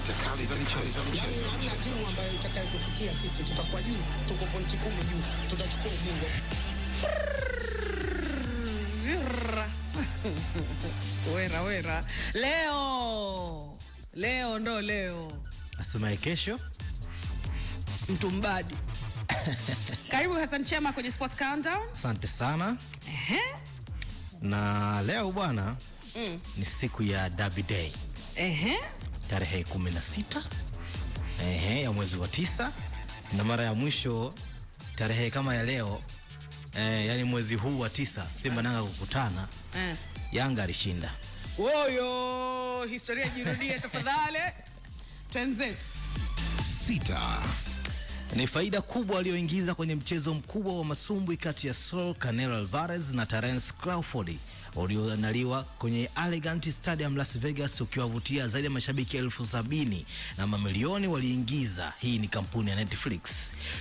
zitakazi yaani za wera wera, leo leo ndo leo, asemaye kesho mtu mbadi. Karibu Hassan Chema kwenye Sports Countdown. Asante sana. Ehe. Na leo bwana mm. ni siku ya Derby Day. Ehe tarehe 16 ehe, ya mwezi wa tisa, na mara ya mwisho tarehe kama ya leo eh, yani mwezi huu wa tisa Simba nanga kukutana eh, Yanga alishinda. Woyo, historia jirudie tafadhali. Twenzetu. Sita. Ni faida kubwa aliyoingiza kwenye mchezo mkubwa wa masumbwi kati ya Saul Canelo Alvarez na Terence Crawford ulioandaliwa kwenye Allegiant Stadium Las Vegas, ukiwavutia zaidi ya mashabiki elfu sabini na mamilioni waliingiza. Hii ni kampuni ya Netflix.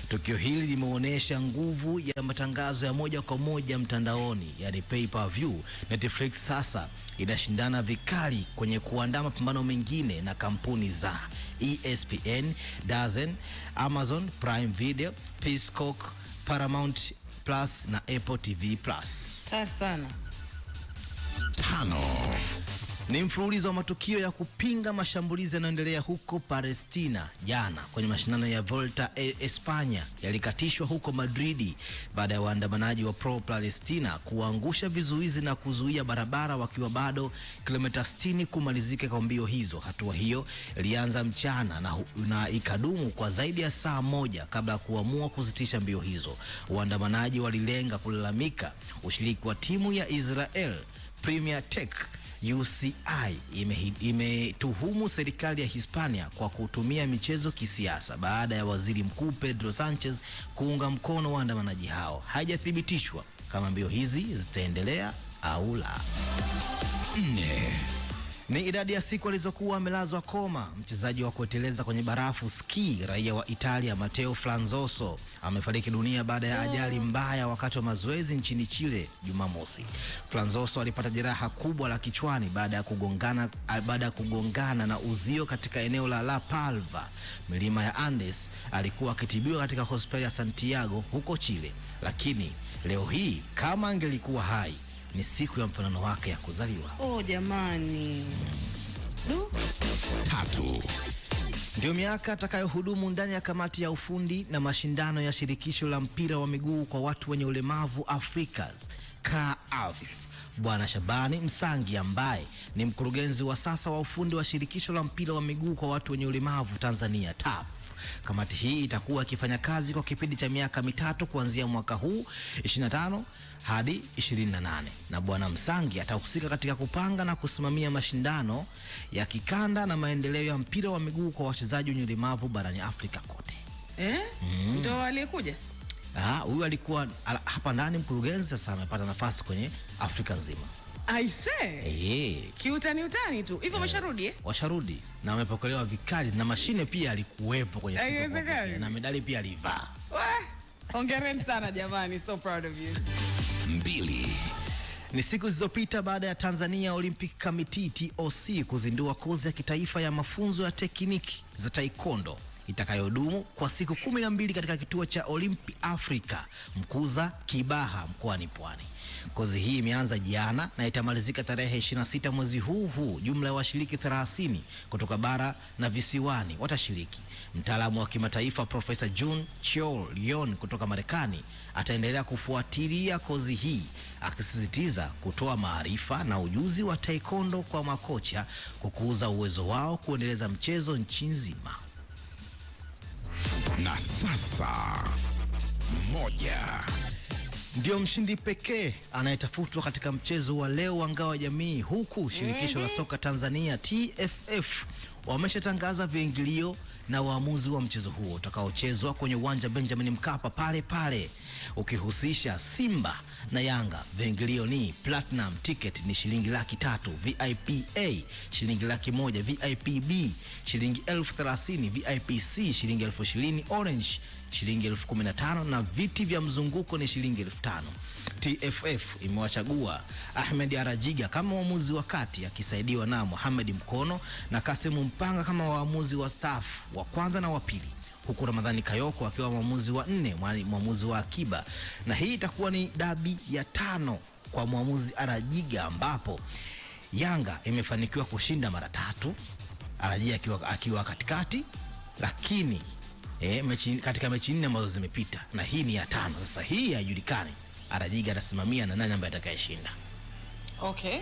Tukio hili limeonyesha nguvu ya matangazo ya moja kwa moja mtandaoni, yani pay per view. Netflix sasa inashindana vikali kwenye kuandaa mapambano mengine na kampuni za ESPN, Dazen, Amazon Prime Video, Peacock, Paramount Plus na Apple TV Plus. Sana tano ni mfululizo wa matukio ya kupinga mashambulizi yanayoendelea huko Palestina. Jana kwenye mashindano ya Volta e, Espanya yalikatishwa huko Madridi baada ya waandamanaji wa pro Palestina kuangusha vizuizi na kuzuia barabara wakiwa bado kilomita 60 kumalizika kwa mbio hizo. Hatua hiyo ilianza mchana na, na ikadumu kwa zaidi ya saa moja kabla ya kuamua kusitisha mbio hizo. Waandamanaji walilenga kulalamika ushiriki wa timu ya Israel Premier Tech UCI imetuhumu serikali ya Hispania kwa kutumia michezo kisiasa baada ya waziri mkuu Pedro Sanchez kuunga mkono waandamanaji hao. Haijathibitishwa kama mbio hizi zitaendelea au la. Ni idadi ya siku alizokuwa amelazwa koma. Mchezaji wa kueteleza kwenye barafu ski, raia wa Italia Matteo Franzoso amefariki dunia baada ya oh. ajali mbaya wakati wa mazoezi nchini Chile Jumamosi. Franzoso alipata jeraha kubwa la kichwani baada ya kugongana, baada ya kugongana na uzio katika eneo la La Palva, milima ya Andes. Alikuwa akitibiwa katika hospitali ya Santiago huko Chile, lakini leo hii kama angelikuwa hai ni siku ya mfanano wake ya kuzaliwa. Oh, jamani. Tatu. Ndio miaka atakayohudumu ndani ya kamati ya ufundi na mashindano ya shirikisho la mpira wa miguu kwa watu wenye ulemavu Afrika CAF. Bwana Shabani Msangi ambaye ni mkurugenzi wa sasa wa ufundi wa shirikisho la mpira wa miguu kwa watu wenye ulemavu Tanzania TAF. Kamati hii itakuwa ikifanya kazi kwa kipindi cha miaka mitatu kuanzia mwaka huu 25 hadi 28 na Bwana Msangi atahusika katika kupanga na kusimamia mashindano ya kikanda na maendeleo ya mpira wa miguu kwa wachezaji wenye ulemavu barani Afrika kote. Eh? Mm. Ndio aliyekuja? Ah, huyu alikuwa ala, hapa ndani mkurugenzi, sasa amepata nafasi kwenye Afrika nzima. I say. Eh. Kiutani utani tu. Hivyo eh. washarudi eh? Washarudi na wamepokelewa vikali na mashine pia alikuwepo kwenye siku na medali pia alivaa. Hongereni sana jamani, so proud of you mbili. Ni siku zilizopita baada ya Tanzania Olympic Committee TOC kuzindua kozi ya kitaifa ya mafunzo ya tekniki za taekwondo itakayodumu kwa siku kumi na mbili katika kituo cha Olympi Africa Mkuza, Kibaha mkoani Pwani. Kozi hii imeanza jana na itamalizika tarehe 26 mwezi huu huu. Jumla ya wa washiriki 30 kutoka bara na visiwani watashiriki. Mtaalamu wa kimataifa Profesa June Chol Lyon kutoka Marekani ataendelea kufuatilia kozi hii akisisitiza kutoa maarifa na ujuzi wa taekwondo kwa makocha kukuza uwezo wao kuendeleza mchezo nchi nzima na sasa moja ndio mshindi pekee anayetafutwa katika mchezo wa leo wa ngao ya jamii, huku shirikisho mm -hmm. la soka Tanzania TFF wameshatangaza viingilio na waamuzi wa mchezo huo utakaochezwa kwenye uwanja Benjamin Mkapa pale pale, ukihusisha Simba na Yanga. Viingilio ni platinum ticket ni shilingi laki tatu, VIP A shilingi laki moja, VIP B shilingi elfu thelathini, VIP C shilingi elfu ishirini, orange shilingi elfu kumi na tano na viti vya mzunguko ni shilingi elfu tano. TFF imewachagua Ahmed Arajiga kama mwamuzi wa kati akisaidiwa na Mohamed Mkono na Kasimu kujipanga kama waamuzi wa staff wa kwanza na wa pili huku Ramadhani Kayoko akiwa mwamuzi wa nne, mwamuzi wa akiba, na hii itakuwa ni dabi ya tano kwa mwamuzi Arajiga, ambapo Yanga imefanikiwa kushinda mara tatu, Arajiga akiwa, akiwa katikati, lakini eh, mechi, katika mechi nne ambazo zimepita na hii ni ya tano sasa. Hii haijulikani Arajiga atasimamia na nani ambaye atakayeshinda. Okay.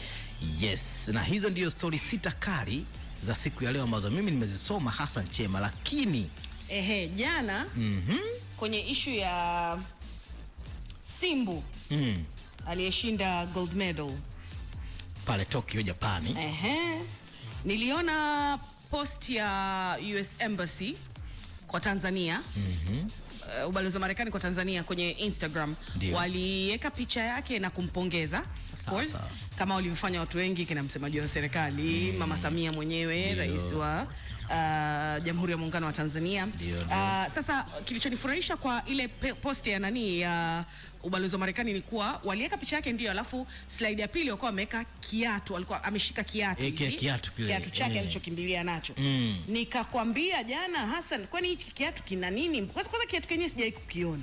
Yes, na hizo ndio stori sita kali za siku ya leo ambazo mimi nimezisoma, hasa Chema, lakini ehe, jana mm -hmm. kwenye ishu ya Simbu mm. aliyeshinda gold medal pale Tokyo, Japani. Ehe. Niliona post ya US Embassy kwa Tanzania mm -hmm uh, ubalozi wa Marekani kwa Tanzania kwenye Instagram waliweka picha yake na kumpongeza of course, kama walivyofanya watu wengi kina msemaji wa serikali mm. Mama Samia mwenyewe rais wa uh, Jamhuri ya Muungano wa Tanzania. Dio, dio. Uh, ah, sasa kilichonifurahisha kwa ile posti ya nani ya uh, ubalozi wa Marekani ni kuwa waliweka picha yake ndio, alafu slide ya pili walikuwa wameweka kiatu, alikuwa ameshika kiatu e, eh, kia, kiatu, kiatu chake eh. alichokimbilia e, nacho mm. Nikakwambia jana Hassan, kwani hichi kiatu kina nini? Kwanza kwanza kiatu kenyewe sijai kukiona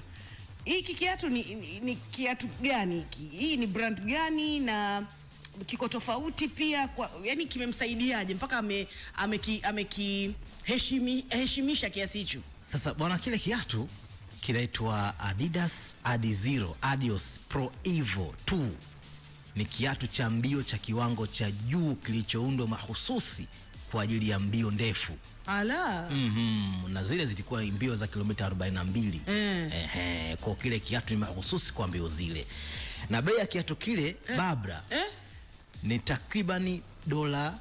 hiki kiatu ni, ni, ni kiatu gani hiki? Hii ni brand gani na kiko tofauti pia kwa, yani kimemsaidiaje mpaka amekiheshimisha ame, ame heshimi, kiasi hicho? Sasa bwana, kile kiatu kinaitwa Adidas Adi Zero Adios Pro Evo 2. Ni kiatu cha mbio cha kiwango cha juu kilichoundwa mahususi kwa ajili ya mbio ndefu. Ala. Mm -hmm. Na zile zilikuwa mbio za kilomita 42. Mm. Eh. Ehe, kwa kile kiatu ni mahususi kwa mbio zile. Na bei ya kiatu kile eh, Babra eh, ni takribani dola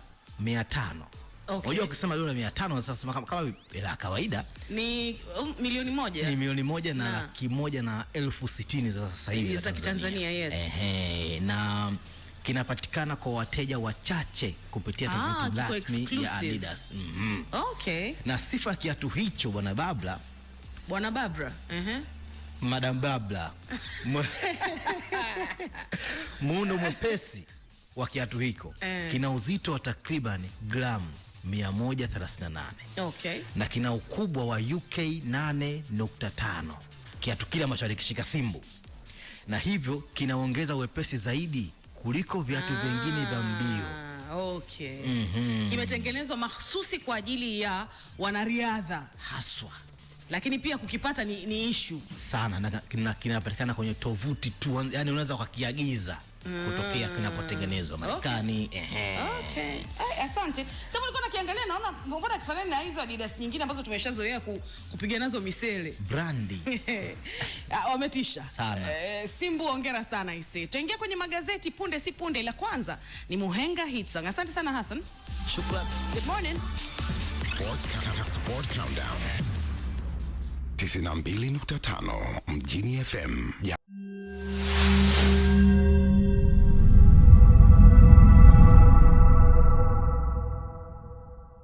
500. Okay. Unajua ukisema dola 500 sasa kama kama bila kawaida ni um, milioni moja. Ni milioni moja na, na laki moja na elfu sitini sasa hivi za Tanzania, yes. Ehe, na kinapatikana kwa wateja wachache kupitia ah, tovuti rasmi ya Adidas. Mm -hmm. Okay. Na sifa ya kiatu hicho bwana Babla. Bwana Babla. Ehe. Madam Babla. Muundo mwepesi wa kiatu hiko eh, kina uzito wa takribani gramu 138. Okay. Na kina ukubwa wa UK 8.5, kiatu kile ambacho alikishika Simbu, na hivyo kinaongeza wepesi zaidi kuliko viatu ah, vingine vya mbio. Okay. Mm -hmm. Kimetengenezwa mahsusi kwa ajili ya wanariadha haswa lakini pia kukipata ni, ni issue sana na kinapatikana kwenye tovuti tu, yani unaweza ukakiagiza mm. kutokea kinapotengenezwa Marekani. Okay. Okay. asante. Sasa nilikuwa nakiangalia naona mbona kifanani na hizo Adidas nyingine ambazo tumeshazoea ku, kupiga nazo misele brandi ah, wametisha sana. E, Simbu ongera sana ise. Tuingia kwenye magazeti punde si punde, la kwanza ni Muhenga Hitsong. Asante sana Hassan. Shukrani. Good morning. Sports, Sports, Countdown. 92.5 Mjini FM.